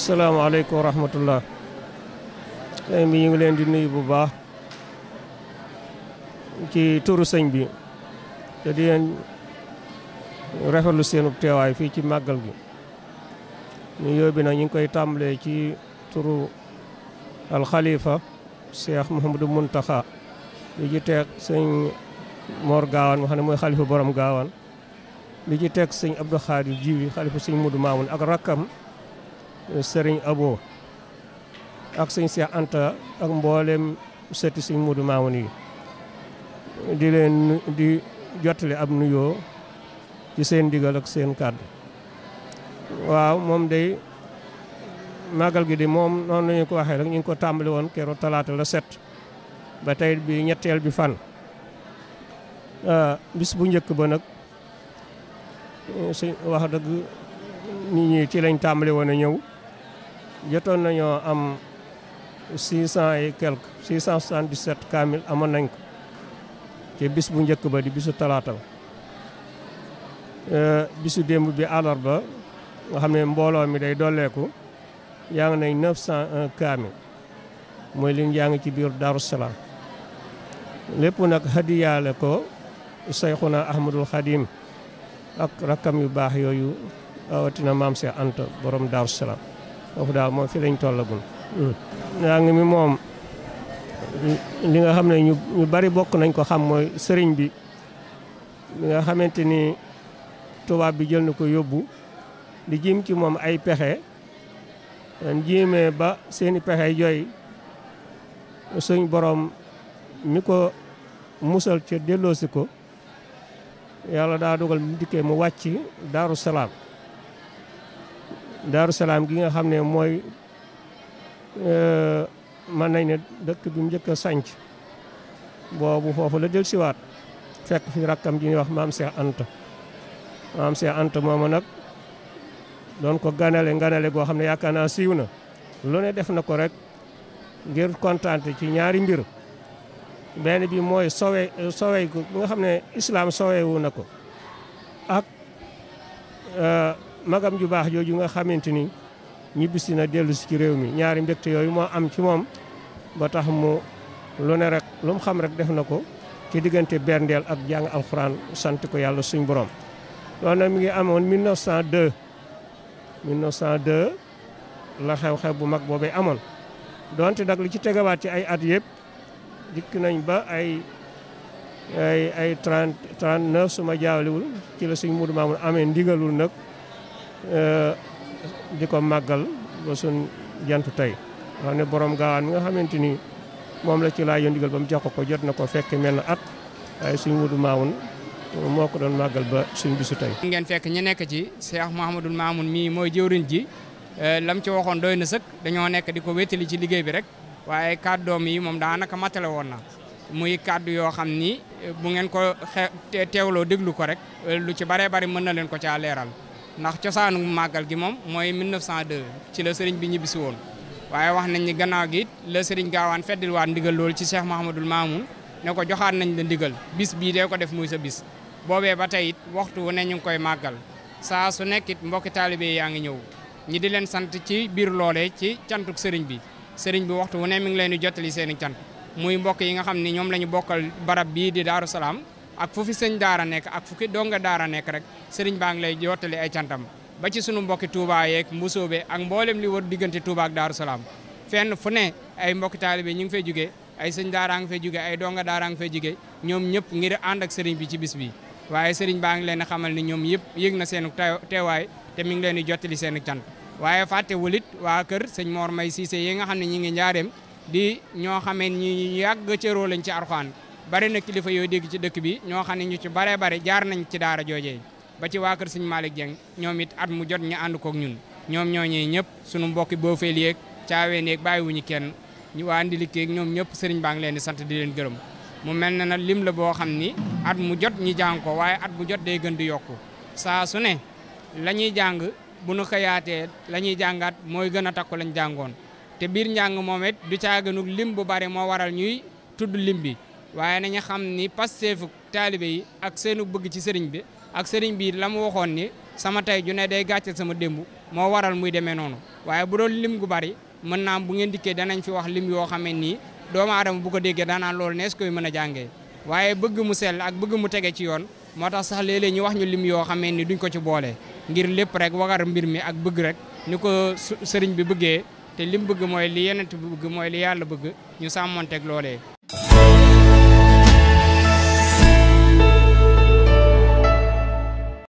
salaamaaleykum wa rahmatullah sëñ bi ñu ngi leen di nuyu bu baax ci turu sëñ bi te di leen rafetlu seenub teewaay fii ci màggal gi ñu yóbbi nag ñu ngi koy tàmbalee ci turu alxalifa cheikh Mouhamadou Mountakha li ci teg sëñ Mor Gaawaan nga xam ne mooy xalifa borom Gaawaan li ci teg sëñ Abdou Khadir Jibi xalifa sëñ Mudu Maamun ak rakkam sëriñ Abo ak sëñ Cheikh Anta ak mboolem sëti sëñ Modou Mamoun yi di leen di jottali ab nuyoo ci seen ndigal ak seen kàddu waaw moom day màggal gi di moom noonu la ñu ko waxee rek ñu ko tàmbali woon keroog talaata la set ba tey bi ñetteel bi fan ah, bis bu njëkk ba nag wax dëgg nit ñi ci lañ tàmbali woon a ñëw jotoon nañoo am six cent et quelque six cent soixante-dix-sept kaamil amoon nañ ko ci bis bu njëkk ba di bisu talaata ba euh, bisu démb bi ba nga xam ne mbooloo mi day dolleeku yaa ngi nañ neuf cent kaamil mooy li yaa ngi ci biir Darou Salaam lépp nag hadiyaale ko na Ahmadul Xadim ak rakkam yu baax yooyu awatina maam Cheikh ant borom Darou foofu daal moom fi lañ tollagul. njàng mi moom li nga xam ne ñu bari bokk nañ ko xam mooy sëriñ bi li nga xamante ni tubaab bi jël na ko yóbbu di jiim ci moom ay pexe jiimee ba seeni pexe yooyu suñ boroom mi ko musal ca delloosi ko yàlla daa dogal mu dikkee mu wàcc daaru salaam daaru salaam gi nga xam ne mooy euh, mën nañ ne dëkk bi mu njëkk a sànc boobu foofu la jël siwaat fekk fi rakkam ji ñuy wax maam Cheikh Anta maam Cheikh Anta moomu nag doon ko ganale ganale goo xam ne yaakaar naa siiw na lu ne def na ko rek ngir kontaante ci ñaari mbir benn bi mooy sowe sowe ko nga xam ne islaam sowewu na ko ak euh, magam ju baax jooju nga xamante ni ñibbisi na dellu ci réew mi ñaari mbégte yooyu moo am ci moom ba tax mu lu ne rek lu mu xam rek def na ko ci diggante berndeel ak jàng alxuraan sant ko yàlla suñ borom. loolu nag mi ngi amoon 1902 1902 la xew-xew bu mag boobee amoon donte nag li ci tegawaat ci ay at yëpp dikk nañ ba ay ay ay 30 39 su ma jaawliwul ci la suñ mudu maamun amee ndigalul nag. Eh, di ko màggal ba suñ jantu tey xam ne borom gaawaan mi nga xamante ni moom la ci laa yoon digal ba mu jox ko jot na ko fekk mel na at waaye suñ wudu maamun moo ko doon màggal ba suñ bisu tey ngeen fekk ñu nekk ci Cheikh Mouhamadul Mamoun mii mooy jëwriñ ji eh, lam ci waxoon doy na sëkk dañoo nekk di ko wéttali ci liggéey bi rek waaye kàddoom yi moom daanaka matale woon na muy kàddu yoo xam ni eh, bu ngeen ko teewloo déglu ko rek lu ci baree bari mën na leen ko caa leeral ndax cosaanu màggal gi moom mooy 1902 ci la sëriñ bi ñibbisi woon waaye wax nañ ni gannaaw gi la sëriñ gaawaan feddilwaat ndigal loolu ci Cheikh Mahamadul Maamoun ne ko joxaan nañ la ndigal bis bii dee ko def muy sa bis boobee ba tey waxtu wu ne ñu ngi koy màggal saa su nekk it mbokki taalibe yaa ngi ñëw ñi di leen sant ci biir loolee ci cantuk sëriñ bi sëriñ bi waxtu wu ne mi ngi leen di jottali seen i cant muy mbokk yi nga xam ne ñoom la ñu bokkal barab bii di Daaru Salaam ak fu fi sëñ daara nekk ak fu ki donga daara nekk rek sëriñ baa ngi lay jottali ay cantam ba ci sunu mbokki Touba yeeg Mbusoobe ak mboolem li war diggante Touba ak Daaru Salaam fenn fu ne ay mbokki taalibe ñu ngi fay jugee ay sëñ daara ngi fay jugee ay donga daara ngi fay jugee ñoom ñëpp ngir ànd ak sëriñ bi ci bis bi waaye sëriñ baa ngi leen a xamal ni ñoom yëpp yëg na seen teewaay te mi ngi leen di jottali seen cant waaye fàtte wulit waa kër sëñ moor May Cissé yi nga xam ne ñi ngi njaareem di ñoo xamee ñi yàgg cëroo lañ ci Alxuraan bari na kilifa yooyu dégg ci dëkk bi ñoo xam ne ñu ci baree bare jaar nañ ci daara joojee ba ci waa kër sëñ Malick Dieng ñoom it at mu jot ñu ànd kook ñun ñoom ñooñee ñëpp sunu mbokki boofeel yeeg caaween yeeg bàyyiwuñu kenn ñu waa ndilikeeg ñoom ñëpp sëriñ baa ngi leen di sant di leen gërëm mu mel ne na lim la boo xam ni at mu jot ñi jàng waaye at mu jot day gën di yokku saa su ne la ñuy jàng bu nu xëyaatee la ñuy jàngaat mooy gën a takku lañ jàngoon te biir njàng moom it du caaganug bu bare moo waral ñuy tudd lim bi waaye nañu xam ni pasteefu taalibe yi ak seenu bëgg ci sëriñ bi ak sëriñ bi la mu waxoon ni sama tey ju ne day gàcceel sama démb moo waral muy demee noonu waaye bu doon lim gu bari mën naa bu ngeen dikkee danañ fi wax lim yoo xam ne nii doomu aadama bu ko déggee daanaan loolu nees koy mën a jàngee waaye bëgg mu sell ak bëgg mu tege ci yoon moo tax sax léeg-léeg ñu wax ñu lim yoo xamee ni duñ ko ci boole ngir lépp rek wagar mbir mi ak bëgg rek ni ko sëriñ bi bëggee te lim bëgg mooy li yenent bi bëgg mooy li yàlla bëgg ñu sàmmonteeg loolee